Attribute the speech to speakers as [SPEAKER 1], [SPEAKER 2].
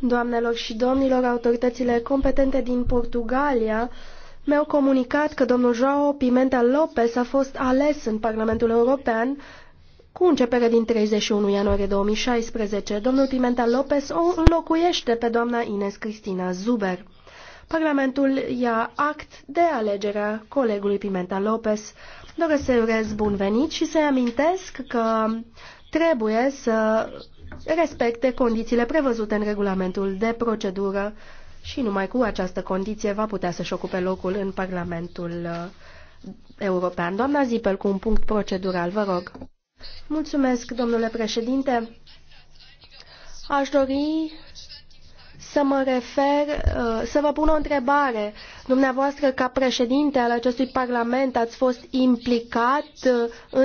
[SPEAKER 1] Doamnelor și domnilor, autoritățile competente din Portugalia mi-au comunicat că domnul João Pimenta Lopes a fost ales în Parlamentul European cu începere din 31 ianuarie 2016. Domnul Pimenta Lopes o înlocuiește pe doamna Ines Cristina Zuber. Parlamentul ia act de alegerea colegului Pimenta Lopes. Doresc să-i urez bun venit și să-i amintesc că trebuie să respecte condițiile prevăzute în regulamentul de procedură și numai cu această condiție va putea să-și ocupe locul în Parlamentul uh, European. Doamna Zipel, cu un punct procedural, vă rog. Mulțumesc, domnule președinte. Aș dori să mă refer, uh, să vă pun o întrebare. Dumneavoastră, ca președinte al acestui Parlament, ați fost implicat uh, în